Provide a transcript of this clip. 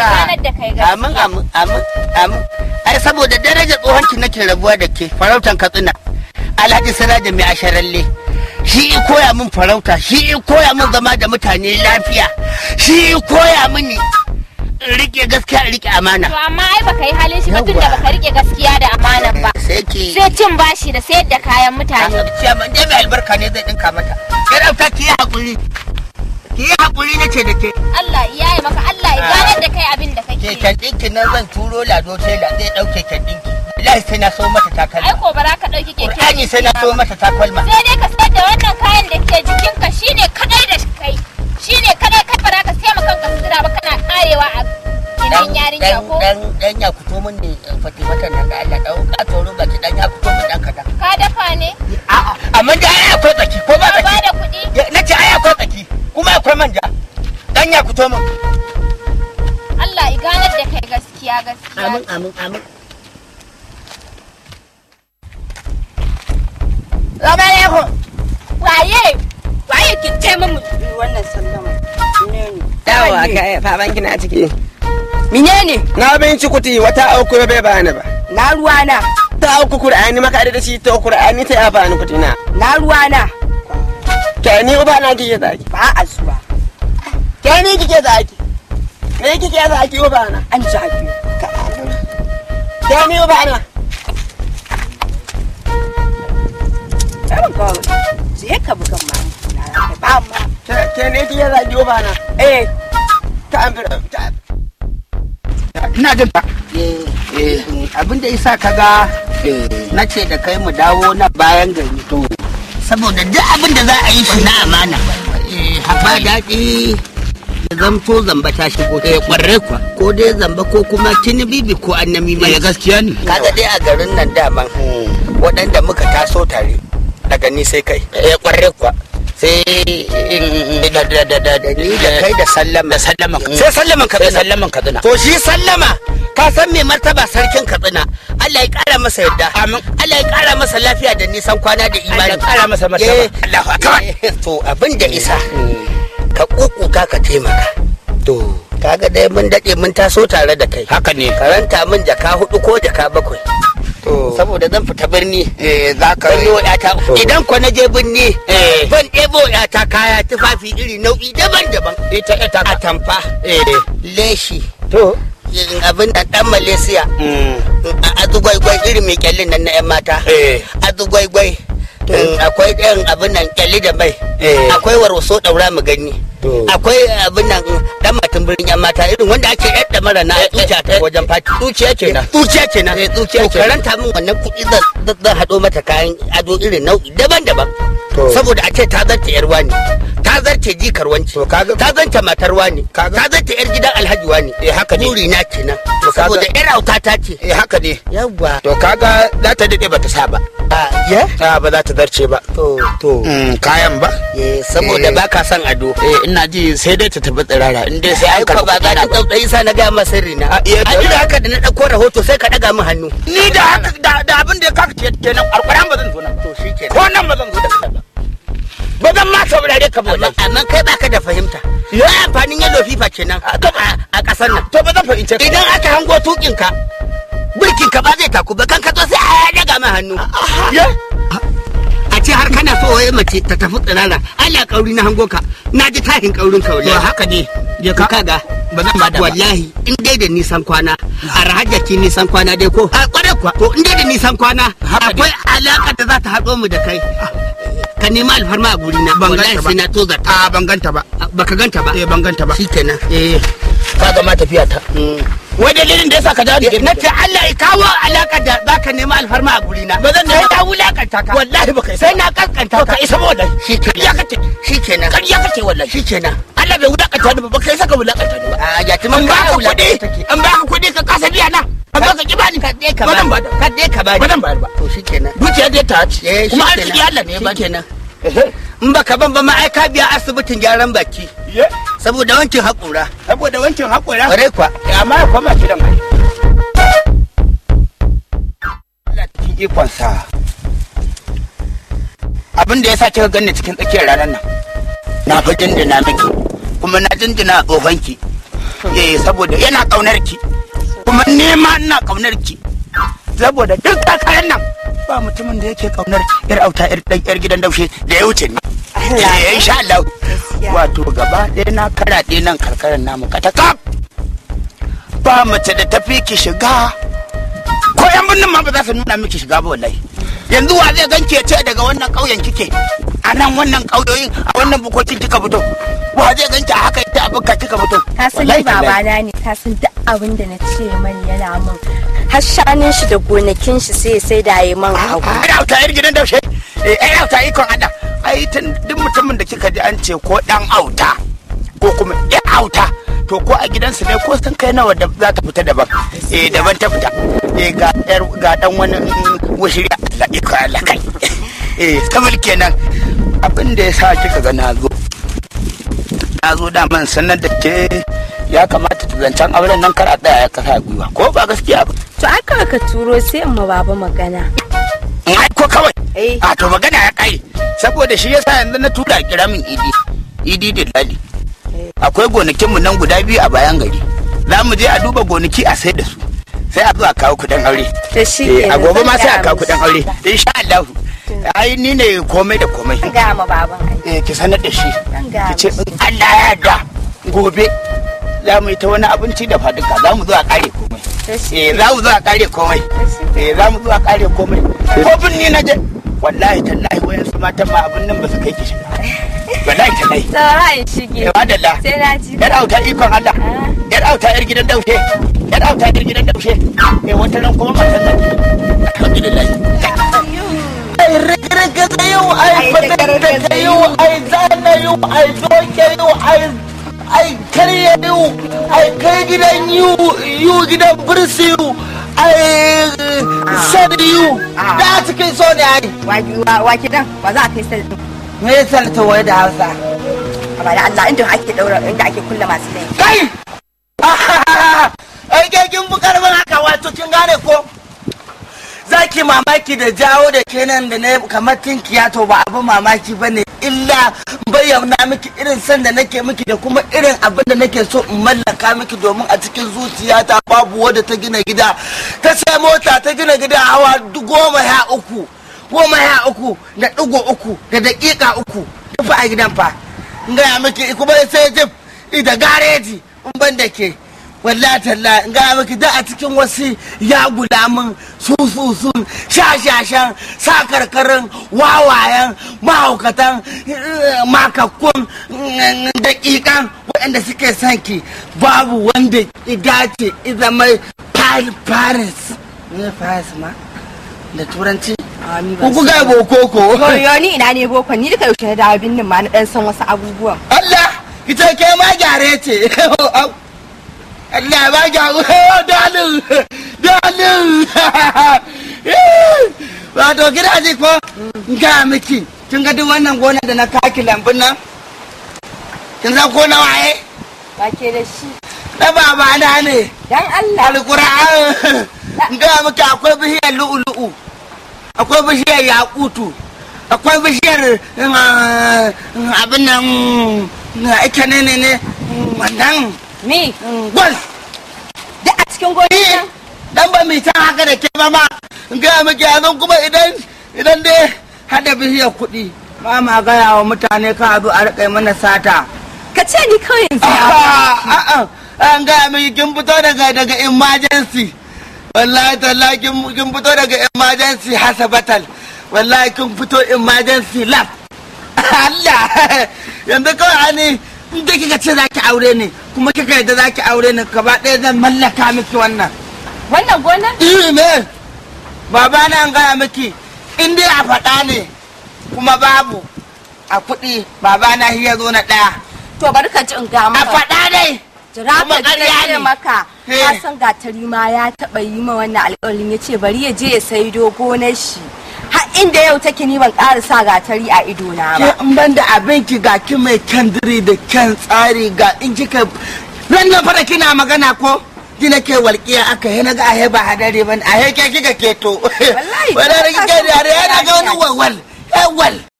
amin amin amin amin ai saboda darajar tsohonki nake rabuwa da ke farautan katsina alhaji sira da mai asharalle shi i koya min farauta shi i koya min zama da mutane lafiya shi i koya mini rike gaskiya rike amana to amma ai baka yi halin shi tun tunda baka rike gaskiya da amanan ba eh, sai cin bashi da sayar da kayan mutane ciyaman dai mai albarka ne zai dinka mata ya dauka ki hakuri Ki yi haƙuri na ce da ke. Allah ya yi maka Allah ya ganar da kai abin da kake. Keken ɗinki nan zan turo lado tela zai ɗauke keken ɗinki. Wallahi sai na so mata takalma. Ai ko bara ka ɗauki keken. Ƙur'ani sai na so mata takalma. Sai dai ka sayar da wannan kayan da ke jikinka shine kaɗai da kai. Shine kaɗai kai bara ka sai kanka sutura ba kana ƙarewa a gidan yarinya ko. Dan dan ya kuto min ne eh, Fatimata nan da Allah ɗau ka tsoro ga ki dan ya kuto min dan kaɗan. Ka dafa ne? A'a amma da to mun Allah i ganar da kai gaskiya gaskiya amin amin amin ne ku waye waye ki ce mun wannan sallama kina ciki Mine ne? Na binci kuti wata auku bai bani ba. Na ruwa na. Ta auku Kur'ani maka da shi ta Kur'ani ta ya bani kuti na. Na na. uba na zaki. Ba a zuwa. ke ne kike zaki me kike zaki yau ba na an zaki ke ni yau ba na karin kawai je ka bukan ma ba ma ke ne kike zaki yau ba na eh ta amfira ina jin ta eh. eh. abin da isa kaga eh. na ce da kai mu dawo na bayan gari to saboda duk abin da za a yi shi na amana ba daɗi ya zamto zamba ta shigo eh kwarre kwa ko dai zamba ko kuma bibi ko annami mai eh, gaskiya ne kaga dai a garin nan daman waɗanda muka taso tare daga ni sai kai ya eh, kwarre kwa sai da da da da ni da eh, kai da sallama sallama sai sallama ka sai sallama ka to shi sallama ka san me martaba sarkin katsina Allah ya kara masa yadda amin Allah ya kara masa lafiya da nisan kwana da imani Allah ya kara masa martaba Allahu akbar to abin da isa hmm. ka kukuka ka taimaka to kaga dai mun dade mun taso tare da kai haka ne karanta min jaka hudu ko jaka bakwai To. saboda zan fita birni eh, za ka yi ta idan ko na je birni ban eh. ɗebo ta kaya tufafi iri nau'i daban-daban ita ita a tamfa eh. leshi to abin da dan malaysia mm. azugwaigwai iri mai kyalli nan na 'yan mata azugwaigwai mm, akwai ɗayan abin nan kyalli da mai akwai warwaso ɗaura mu gani akwai abin nan dan matan birnin yan mata irin wanda ake yadda mara na tsuciya ta wajen fati tsuciya kenan tsuciya kenan eh tsuciya kenan karanta min wannan kuɗi zan hado mata kayan ado irin nau'i daban-daban saboda a ce ta zarta yar wani ta zarta jikar wance ta zanta matar wani ta zanta yar gidan alhaji wani eh haka ne muri na kenan saboda yar auta ta ce eh haka ne yawa to kaga za ta dade bata sa ba a ah, ya ah, ba za ta zarce ba to to mm, kayan ba eh saboda eh. baka son ado eh ina ji sai dai ta tafi tsirara in dai sai an karɓi ba ga dan tsautsayi sa na ga ma sirri na a da haka da na dauko rahoto sai ka daga min hannu ni da haka da abin da ya kaka kenan alƙur'an ba zan zo nan to shikenan ko nan ba zan zo da ba zan ma saurare ka ba amma kai ka da fahimta ya amfanin yellow fifa kenan a kasar nan to ba zan fahimce ka idan aka hango tukin ka birkin ka ba zai taku ba kan ka zo sai a daga min hannu ce har kana so wai mace ta tafi tsirara Allah kauri na hango ka na ji tahin kaurin ka wallahi haka ne je ka kaga ba zan bada wallahi in dai da nisan kwana a rahajjaki nisan kwana dai ko a kware kwa to in dai da nisan kwana akwai alaka da za ta haɗo mu da kai ah. ka nema alfarma a guri na wallahi sai na to zata a ah, ban ganta ba baka ganta ba eh ban ganta ba shikenan eh ka ga ma tafiya ta mm. wai dalilin da yasa ka dawo da na ce Allah ya kawo alaka da zaka nema alfarma a guri na ba zan nema ka wulakanta ka wallahi baka sai na kankanta ka isa ba wallahi shikenan ya kace shikenan kar ya kace wallahi shikenan Allah bai wulakanta ni ba kai saka wulakanta ni ba a ya ti man ba ka kudi an ba ka kudi ka kasa biya na an ba ka ki bani ka de ka ba ka dai ka ba ba to shikenan dukiya dai ta ce kuma arziki Allah ne ba shikenan in ka ban ba ma'aika biya asibitin gyaran baki saboda wankin haƙura saboda wankin haƙura ƙwarai kwa eh, amma ya koma gidan ai mai cikin ikonsa abin da ya sa kika ganni cikin tsakiyar ranar nan na fa jinjina miki kuma na jinjina tsohonki eh saboda yana ƙaunar ki kuma nema ina ƙaunar ki saboda duk kakarar nan ba mutumin da yake kaunar yar auta yar dan yar gidan daushe da ya wuce ni ya eh, insha Allah wato gaba ɗaya na karaɗe nan karkarar namu katakap ba mace da tafi ki shiga ko yan birnin ma ba za su nuna miki shiga ba wallahi yanzu wa zai ganke ce daga wannan ƙauyen kike a nan wannan ƙauyoyin a wannan bukokin kika fito ba zai ganki a haka ita abin ka kika fito ka san ni na ne ka san duk abin da na ce man yana min har shanin shi da gonakin shi sai sai da yi man hagu ah, ai ta yar gidan daushe eh ai ta ikon ada ai tun duk mutumin da kika ji an ce ko dan auta ko kuma ya auta to ko a gidansu ne ko sun kai nawa da za ta fita daban eh daban ta fita eh ga ga dan wani mm, wushiri Allah iko Allah kai eh kamar kenan abin da ya sa kika ga na zo na zo daman sanar da ke ya kamata ta zancen auren nan kar a tsaya ya kasa gwiwa ko ba gaskiya ba to ai kawai ka turo sai amma ma baba magana ai ko kawai eh. a to magana ya kai saboda shi yasa yanzu na tura kira min idi idi da lali eh. akwai mu nan guda biyu a bayan gari za mu je a duba gonaki a sai da su sai a zo a kawo kudin aure eh, a gobe ma sai a kawo kudin aure insha Allah ai ni ne komai da komai ga ma baban eh ki sanar da shi ki ce Allah ya yarda gobe za mu yi ta wani abinci da faduka za mu zo a kare komai eh za mu zo a kare komai eh za mu zo a kare komai ko bin ni na je wallahi tallahi wayan su matan ma abin nan ba su kai ki shi wallahi tallahi tsara in shige ya eh, madalla sai na ji yar auta ikon Allah ah. yar auta yar gidan daushe yar auta yar gidan daushe eh wata ran kuma matan zane you a doke you a karya karye a kai gidan you you gidan birsi you a shed you da cikin so ne ai wa gidan ba za a kai sel me ya ta waye da hausa ba da Allah inda ake daura inda ake kulle masu laifi kai ai kai kin bukar haka wato kin gane ko baki mamaki da jawo da kenan da na kamar tinkiya to ba abin mamaki ba ne illa bayyana miki irin san da nake miki da kuma irin abin da nake so in mallaka miki domin a cikin zuciyata babu wadda ta gina gida ta sai mota ta gina gida hawa goma ya uku goma ya uku da digo uku da dakika uku duk a gidan fa in gaya miki kuma sai jif da gareji in ban da ke wallahi talla in ga miki da a cikin wasu ya guda min sususun shashashan sakarkarin wawayen mahaukatan eh, makakkun eh, dakikan waɗanda suke sanki, babu wanda idace iza mai paris ne paris ma da turanci Kuku ga ko. ko ni ina ne boko ni duka yaushe da abin nan ma na dan san wasu abubuwan. Allah ita ke ma gyare ce. Allah ba ga dalin dalin wato gidaje ko ga miki kin ga duk wannan gona da na kaki lambun nan kin san ko nawa eh ba ke da shi da baba na ne dan Allah alquran ga miki akwai bishiyar lu'ulu'u akwai bishiyar yakutu akwai bishiyar eh, abin nan eh, ita ne ne ne wannan me mm. gwal duk a cikin goyon eh, nan dan ba mai ta haka da ke ba ma in gaya miki yanzu kuma idan idan dai hada bishiyar kuɗi ba ma gaya wa mutane ka abu a rikai mana sata ka ce ni kawai yanzu a'a an gaya miki kin fito daga daga emergency wallahi tallahi kin fito daga emergency hasabatal wallahi kin fito emergency lab Allah yanzu kawai ani in kika ce ki aure ni kuma kika yadda ki aure ni gaba ɗaya zan mallaka miki wannan wannan gonar eh me baba na an gaya miki in dai a faɗa ne kuma babu a kuɗi baba na shi ya zo na ɗaya to bari ka ji in ga maka a faɗa dai jira ka ji ne maka eh. ka san gatari ma ya taɓa yi ma wannan alƙawarin ya ce bari ya je ya sai dogonar shi inda yau take ni ban ƙara sa gatari a ido na ba in ban da abinki ga ki mai kyandiri da kyan tsari ga in kika ran nan fara kina magana ko kina ke walƙiya aka yi naga a ba hadari ban a ke kika keto wallahi wallahi kika da yana ga wani wawal wawal